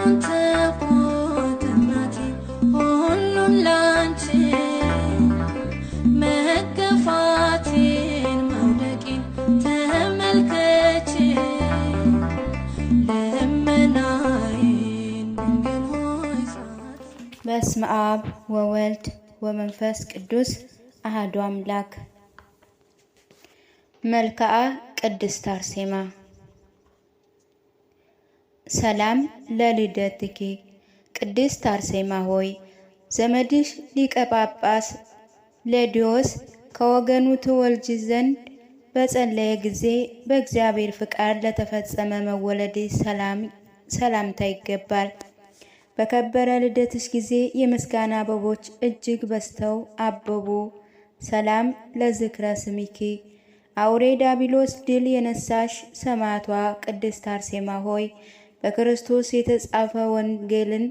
እናንተ ሞት እናቴ ሁሉም ላንቺ መገፋቴን በስመ አብ ወወልድ ወመንፈስ ቅዱስ አህዶ አምላክ መልክዓ ቅድስት አርሴማ ሰላም ለልደትኪ ቅድስት አርሴማ ሆይ ዘመድሽ ሊቀ ጳጳስ ሌዲዮስ ከወገኑ ትወልጅ ዘንድ በጸለየ ጊዜ በእግዚአብሔር ፍቃድ ለተፈጸመ መወለድሽ ሰላምታ ይገባል። በከበረ ልደትሽ ጊዜ የምስጋና አበቦች እጅግ በዝተው አበቡ። ሰላም ለዝክረ ስሚኪ አውሬ ዳቢሎስ ድል የነሳሽ ሰማዕቷ ቅድስት አርሴማ ሆይ በክርስቶስ የተጻፈ ወንጌልን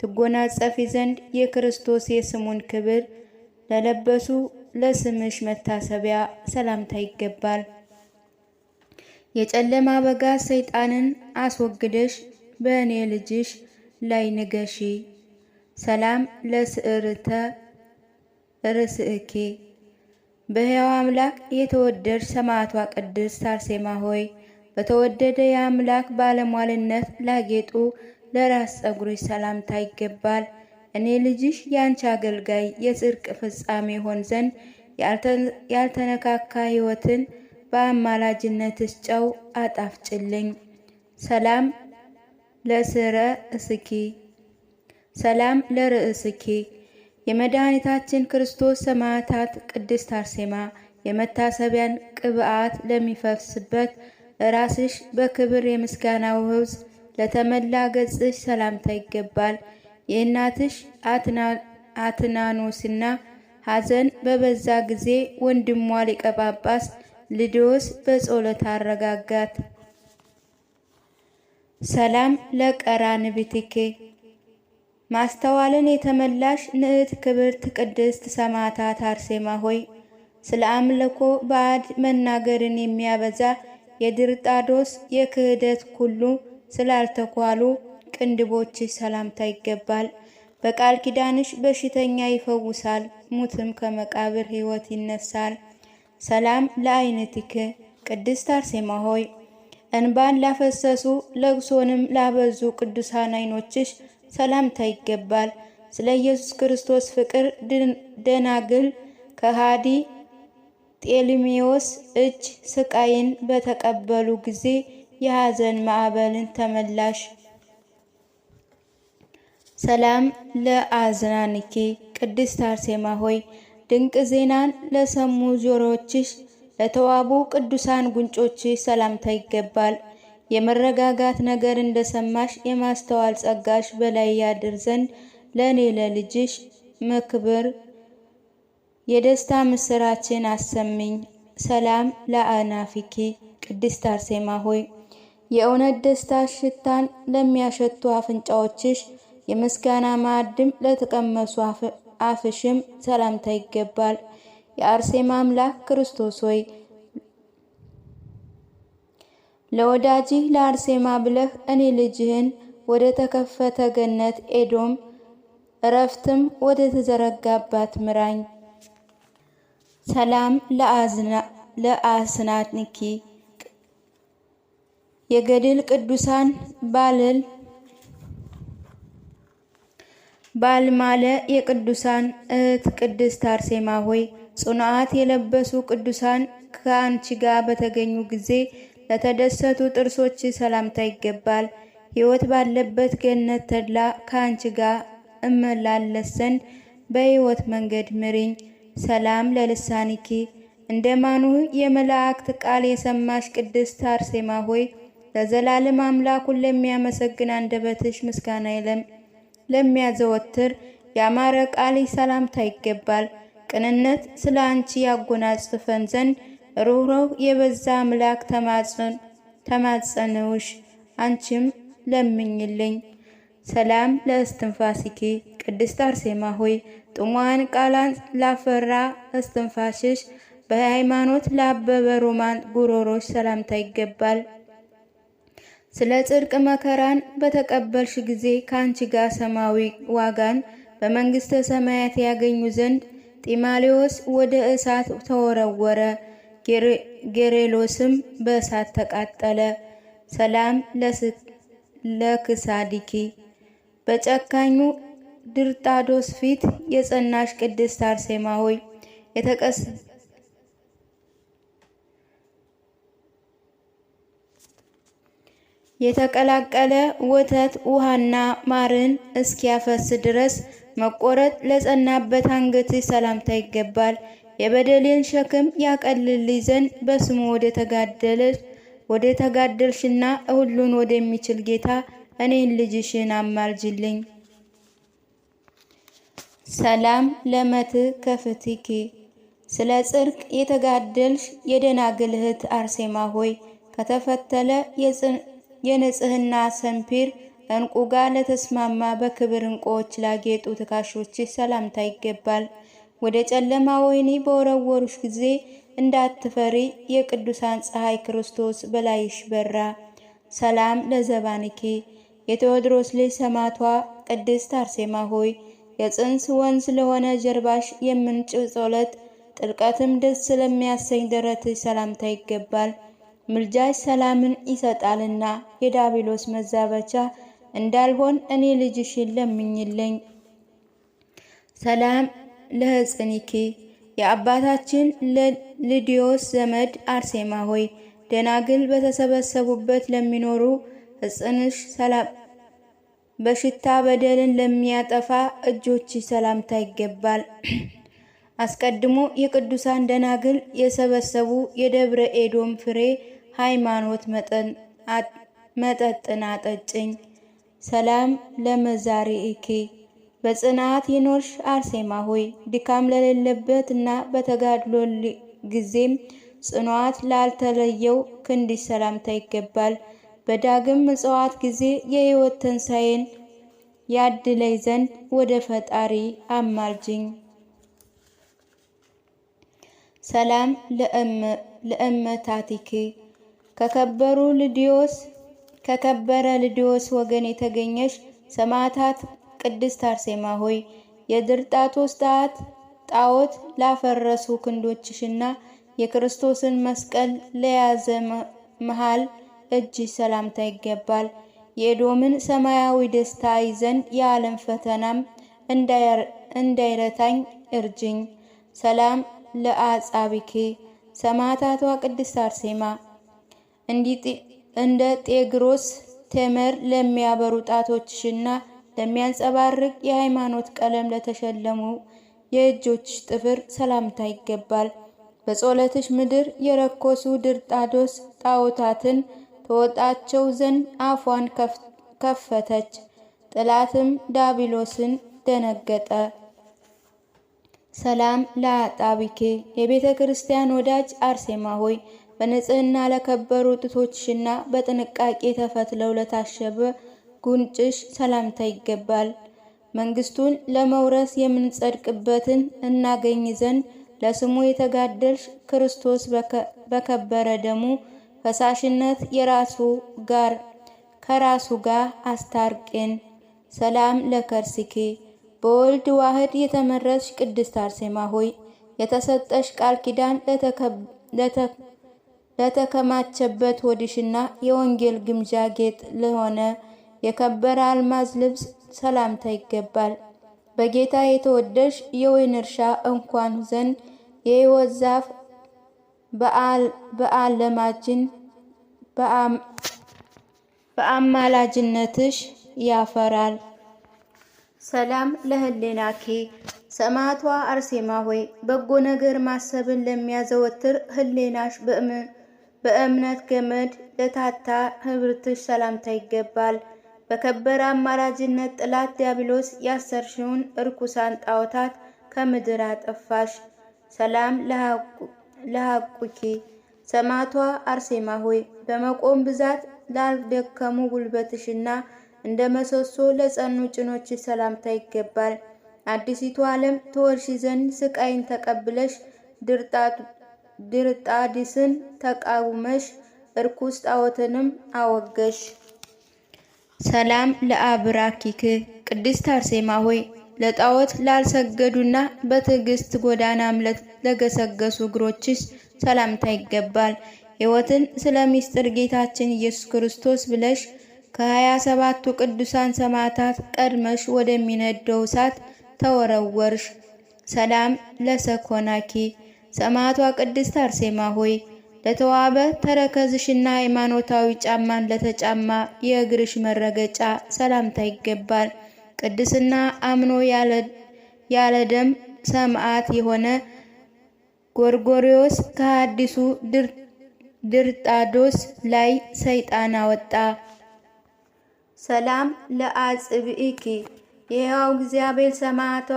ትጎናጸፊ ዘንድ የክርስቶስ የስሙን ክብር ለለበሱ ለስምሽ መታሰቢያ ሰላምታ ይገባል። የጨለማ በጋ ሰይጣንን አስወግደሽ በእኔ ልጅሽ ላይ ንገሺ። ሰላም ለስዕርተ ርስእኬ በሕያው አምላክ የተወደድሽ ሰማዕቷ ቅድስት አርሴማ ሆይ በተወደደ የአምላክ ባለሟልነት ላጌጡ ለራስ ጸጉሮች ሰላምታ ይገባል። እኔ ልጅሽ የአንቺ አገልጋይ የጽድቅ ፍጻሜ ሆን ዘንድ ያልተነካካ ሕይወትን በአማላጅነትሽ ጨው አጣፍጭልኝ። ሰላም ለስረ እስኪ ሰላም ለርእስኪ የመድኃኒታችን ክርስቶስ ሰማዕታት ቅድስት አርሴማ የመታሰቢያን ቅብዓት ለሚፈስበት ራስሽ በክብር የምስጋናው ህውዝ ለተመላ ገጽሽ ሰላምታ ይገባል። የእናትሽ አትናኖስና ሐዘን በበዛ ጊዜ ወንድሟ ሊቀ ጳጳስ ልድዮስ በጸሎት አረጋጋት። ሰላም ለቀራ ንብትኬ ማስተዋልን የተመላሽ ንዕት ክብርት ቅድስት ሰማዕታት አርሴማ ሆይ ስለ አምልኮ ባዕድ መናገርን የሚያበዛ የድርጣዶስ የክህደት ሁሉ ስላልተኳሉ ቅንድቦች ሰላምታ ይገባል። በቃል ኪዳንሽ በሽተኛ ይፈውሳል፣ ሙትም ከመቃብር ሕይወት ይነሳል። ሰላም ለአይነትክ ቅድስት አርሴማ ሆይ እንባን ላፈሰሱ ለቅሶንም ላበዙ ቅዱሳን አይኖችሽ ሰላምታ ይገባል። ስለ ኢየሱስ ክርስቶስ ፍቅር ደናግል ከሃዲ ጤልሜዎስ እጅ ስቃይን በተቀበሉ ጊዜ የሐዘን ማዕበልን ተመላሽ። ሰላም ለአዝናንኪ ቅድስት አርሴማ ሆይ ድንቅ ዜናን ለሰሙ ዞሮዎችሽ ለተዋቡ ቅዱሳን ጉንጮችሽ ሰላምታ ይገባል። የመረጋጋት ነገር እንደሰማሽ የማስተዋል ጸጋሽ በላይ ያድር ዘንድ ለእኔ ለልጅሽ መክብር የደስታ ምስራችን አሰምኝ። ሰላም ለአናፊኪ ቅድስት አርሴማ ሆይ የእውነት ደስታ ሽታን ለሚያሸቱ አፍንጫዎችሽ የምስጋና ማዕድም ለተቀመሱ አፍሽም ሰላምታ ይገባል። የአርሴማ አምላክ ክርስቶስ ሆይ ለወዳጅህ ለአርሴማ ብለህ እኔ ልጅህን ወደ ተከፈተ ገነት ኤዶም እረፍትም ወደ ተዘረጋባት ምራኝ። ሰላም ለአስናንኪ የገድል ቅዱሳን ባልል ባልማለ የቅዱሳን እህት ቅድስት አርሴማ ሆይ ጽኑዓት የለበሱ ቅዱሳን ከአንቺ ጋር በተገኙ ጊዜ ለተደሰቱ ጥርሶች ሰላምታ ይገባል። ሕይወት ባለበት ገነት ተድላ ከአንቺ ጋር እመላለስ ዘንድ በሕይወት መንገድ ምሪኝ። ሰላም ለልሳኒኪ እንደ ማኑህ የመላእክት ቃል የሰማሽ ቅድስት አርሴማ ሆይ ለዘላለም አምላኩን ለሚያመሰግን አንደበትሽ ምስጋና ይለም ለሚያዘወትር ያማረ ቃል ሰላምታ ይገባል። ቅንነት ስለ አንቺ ያጎናጽፈን ዘንድ ሩኅሩህ የበዛ አምላክ ተማጸንውሽ። አንቺም ለምኝልኝ። ሰላም ለእስትንፋሲኪ ቅድስት አርሴማ ሆይ ጥሟን ቃላን ላፈራ እስትንፋሽሽ በሃይማኖት ላበበ ሮማን ጉሮሮች ሰላምታ ይገባል። ስለ ጽድቅ መከራን በተቀበልሽ ጊዜ ከአንቺ ጋር ሰማዊ ዋጋን በመንግስተ ሰማያት ያገኙ ዘንድ ጢማሌዎስ ወደ እሳት ተወረወረ፣ ጌሬሎስም በእሳት ተቃጠለ። ሰላም ለክሳዲኪ በጨካኙ ድርጣዶስ ፊት የጸናሽ ቅድስት አርሴማ ሆይ የተቀስ የተቀላቀለ ወተት ውሃና ማርን እስኪያፈስ ድረስ መቆረጥ ለጸናበት አንገት ሰላምታ ይገባል። የበደሌን ሸክም ያቀልልኝ ዘንድ በስሙ ወደ ተጋደለች ወደ ተጋደልሽና ሁሉን ወደሚችል ጌታ እኔን ልጅሽን አማልጅልኝ። ሰላም ለመት ከፍትኪ ስለ ጽድቅ የተጋደልሽ የደናግል እህት አርሴማ ሆይ ከተፈተለ የንጽህና ሰንፒር እንቁ ጋር ለተስማማ በክብር እንቁዎች ላጌጡ ትካሾች ሰላምታ ይገባል። ወደ ጨለማ ወይኒ በወረወሩሽ ጊዜ እንዳትፈሪ የቅዱሳን ፀሐይ ክርስቶስ በላይሽ በራ። ሰላም ለዘባንኪ የቴዎድሮስ ልጅ ሰማዕቷ ቅድስት አርሴማ ሆይ የጽንስ ወንዝ ለሆነ ጀርባሽ የምንጭው ጸሎት ጥልቀትም ደስ ስለሚያሰኝ ደረትሽ ሰላምታ ይገባል። ምልጃሽ ሰላምን ይሰጣልና የዳቢሎስ መዛበቻ እንዳልሆን እኔ ልጅሽን ለምኝልኝ። ሰላም ለሕጽንኪ የአባታችን ለልድዮስ ዘመድ አርሴማ ሆይ ደናግል በተሰበሰቡበት ለሚኖሩ ሕጽንሽ ሰላም በሽታ በደልን ለሚያጠፋ እጆች ሰላምታ ይገባል። አስቀድሞ የቅዱሳን ደናግል የሰበሰቡ የደብረ ኤዶም ፍሬ ሃይማኖት መጠጥን አጠጭኝ። ሰላም ለመዛሪኢኪ በጽናት የኖርሽ አርሴማ ሆይ ድካም ለሌለበት እና በተጋድሎ ጊዜም ጽኗት ላልተለየው ክንድሽ ሰላምታ ይገባል። በዳግም ምጽዋት ጊዜ የሕይወት ትንሣኤን ያድለይ ዘንድ ወደ ፈጣሪ አማልጅኝ። ሰላም ለእመታቲክ ከከበሩ ልድዮስ ከከበረ ልዲዮስ ወገን የተገኘች ሰማዕታት ቅድስት አርሴማ ሆይ የድርጣቶስ ጣት ጣዖት ላፈረሱ ክንዶችሽና የክርስቶስን መስቀል ለያዘ መሃል እጅ ሰላምታ ይገባል። የኤዶምን ሰማያዊ ደስታ ይዘን የዓለም ፈተናም እንዳይረታኝ እርጅኝ። ሰላም ለአጻቢኬ ሰማዕታቷ ቅድስት አርሴማ እንደ ጤግሮስ ቴመር ለሚያበሩ ጣቶችሽና ለሚያንጸባርቅ የሃይማኖት ቀለም ለተሸለሙ የእጆችሽ ጥፍር ሰላምታ ይገባል። በጸሎትሽ ምድር የረኮሱ ድርጣዶስ ጣዖታትን ተወጣቸው ዘንድ አፏን ከፈተች። ጥላትም ዳቢሎስን ደነገጠ። ሰላም ለአጣቢኬ የቤተ ክርስቲያን ወዳጅ አርሴማ ሆይ በንጽህና ለከበሩ ጥቶችና በጥንቃቄ ተፈትለው ለታሸበ ጉንጭሽ ሰላምታ ይገባል። መንግስቱን ለመውረስ የምንጸድቅበትን እናገኝ ዘንድ ለስሙ የተጋደልሽ ክርስቶስ በከበረ ደሙ ፈሳሽነት የራሱ ጋር ከራሱ ጋር አስታርቅን። ሰላም ለከርስኪ በወልድ ዋህድ የተመረስሽ ቅድስት አርሴማ ሆይ የተሰጠሽ ቃል ኪዳን ለተከማቸበት ወዲሽና የወንጌል ግምጃ ጌጥ ለሆነ የከበረ አልማዝ ልብስ ሰላምታ ይገባል። በጌታ የተወደሽ የወይን እርሻ እንኳን ዘንድ የሕይወት ዛፍ በአለማችን በአማላጅነትሽ ያፈራል። ሰላም ለህሌናኬ ሰማዕቷ አርሴማ ሆይ በጎ ነገር ማሰብን ለሚያዘወትር ህሌናሽ በእምነት ገመድ ለታታ ህብርትሽ ሰላምታ ይገባል። በከበረ አማላጅነት ጥላት ዲያብሎስ ያሰርሽውን እርኩሳን ጣዖታት ከምድር አጠፋሽ። ሰላም ለሐቁኪ ሰማዕቷ አርሴማ ሆይ በመቆም ብዛት ላልደከሙ ጉልበትሽና እንደ መሰሶ ለጸኑ ጭኖች ሰላምታ ይገባል። አዲሲቱ ዓለም ትወርሽ ዘንድ ስቃይን ተቀብለሽ ድርጣዲስን ተቃውመሽ እርኩስ ጣዖትንም አወገሽ። ሰላም ለአብራኪክ ቅድስት አርሴማ ሆይ ለጣዖት ላልሰገዱና በትዕግስት ጎዳና አምለት ለገሰገሱ እግሮችሽ ሰላምታ ይገባል። ሕይወትን ስለ ምስጢር ጌታችን ኢየሱስ ክርስቶስ ብለሽ ከሀያ ሰባቱ ቅዱሳን ሰማዕታት ቀድመሽ ወደሚነደው እሳት ተወረወርሽ። ሰላም ለሰኮናኪ ሰማዕቷ ቅድስት አርሴማ ሆይ ለተዋበ ተረከዝሽና ሃይማኖታዊ ጫማን ለተጫማ የእግርሽ መረገጫ ሰላምታ ይገባል። ቅድስና አምኖ ያለ ደም ሰማዕት የሆነ ጎርጎሪዎስ ከአዲሱ ድርጣዶስ ላይ ሰይጣን አወጣ። ሰላም ለአጽብኢኪ የሕያው እግዚአብሔር ሰማዕቷ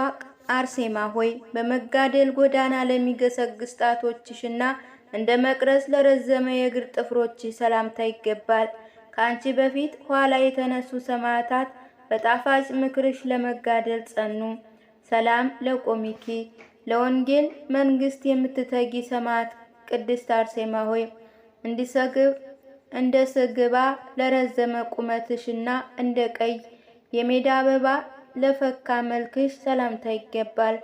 አርሴማ ሆይ በመጋደል ጎዳና ለሚገሰግስ ጣቶችሽና እንደ መቅረስ ለረዘመ የእግር ጥፍሮች ሰላምታ ይገባል። ከአንቺ በፊት ኋላ የተነሱ ሰማዕታት በጣፋጭ ምክርሽ ለመጋደል ጸኑ። ሰላም ለቆሚኪ ለወንጌል መንግስት የምትተጊ ሰማዕት ቅድስት አርሴማ ሆይ እንዲሰግብ እንደ ስግባ ለረዘመ ቁመትሽና እንደ ቀይ የሜዳ አበባ ለፈካ መልክሽ ሰላምታ ይገባል።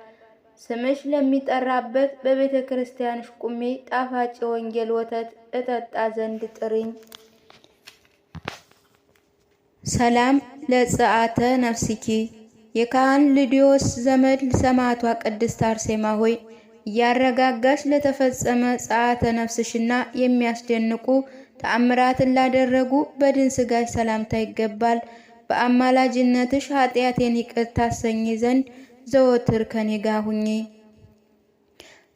ስምሽ ለሚጠራበት በቤተ ክርስቲያንሽ ቁሜ ጣፋጭ የወንጌል ወተት እጠጣ ዘንድ ጥሪኝ። ሰላም ለጸአተ ነፍስኪ የካህን ልዲዮስ ዘመድ ሰማዕቷ ቅድስት አርሴማ ሆይ እያረጋጋሽ ለተፈጸመ ጸአተ ነፍስሽና የሚያስደንቁ ተአምራትን ላደረጉ በድን ስጋሽ ሰላምታ ይገባል። በአማላጅነትሽ ኃጢአቴን ይቅር ታሰኝ ዘንድ ዘወትር ከኔ ጋር ሁኚ።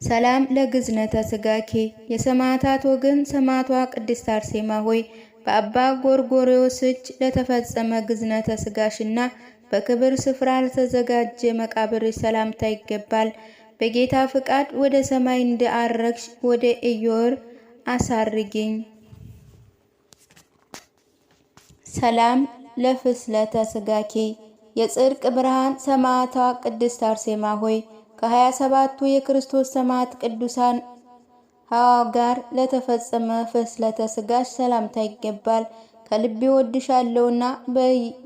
ሰላም ለግዝነተ ስጋኬ የሰማዕታት ወገን ሰማዕቷ ቅድስት አርሴማ ሆይ በአባ ጎርጎሪዎስ እጅ ለተፈጸመ ግዝነተ ስጋሽና በክብር ስፍራ ለተዘጋጀ መቃብር ሰላምታ ይገባል። በጌታ ፍቃድ ወደ ሰማይ እንደአረግሽ ወደ ኢዮር አሳርጊኝ። ሰላም ለፍስለተ ስጋኪ የጽድቅ ብርሃን ሰማዕቷ ቅድስት አርሴማ ሆይ ከ27ቱ የክርስቶስ ሰማዕት ቅዱሳን ሐዋው ጋር ለተፈጸመ ፍልሰተ ስጋሽ ሰላምታ ይገባል። ከልቤ ወድሻለሁና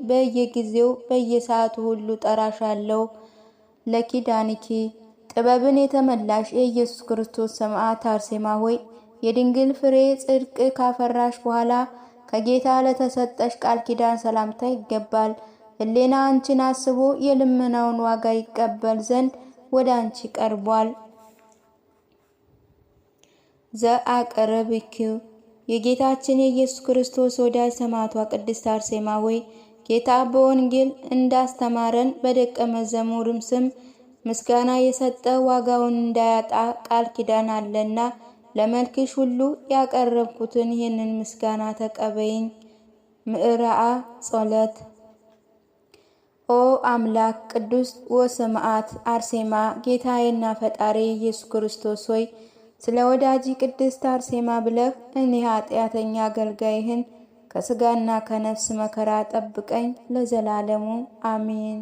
በየጊዜው በየሰዓቱ ሁሉ ጠራሻለሁ። ለኪዳንኪ ጥበብን የተመላሽ የኢየሱስ ክርስቶስ ሰማዕት አርሴማ ሆይ የድንግል ፍሬ ጽድቅ ካፈራሽ በኋላ ከጌታ ለተሰጠሽ ቃል ኪዳን ሰላምታ ይገባል። ሕሊና አንቺን አስቦ የልመናውን ዋጋ ይቀበል ዘንድ ወደ አንቺ ቀርቧል። ዘአቀረብኪው የጌታችን የኢየሱስ ክርስቶስ ወዳጅ ሰማዕቷ ቅድስት አርሴማ ወይ ጌታ በወንጌል እንዳስተማረን በደቀ መዘሙርም ስም ምስጋና የሰጠ ዋጋውን እንዳያጣ ቃል ኪዳን አለና ለመልክሽ ሁሉ ያቀረብኩትን ይህንን ምስጋና ተቀበይኝ። ምዕራአ ጸሎት ኦ አምላክ ቅዱስ ወሰማዕት አርሴማ ጌታዬና ፈጣሪ ኢየሱስ ክርስቶስ ሆይ ስለ ወዳጅ ቅድስት አርሴማ ብለህ እኔ ኃጢአተኛ አገልጋይህን ከስጋና ከነፍስ መከራ ጠብቀኝ ለዘላለሙ አሜን።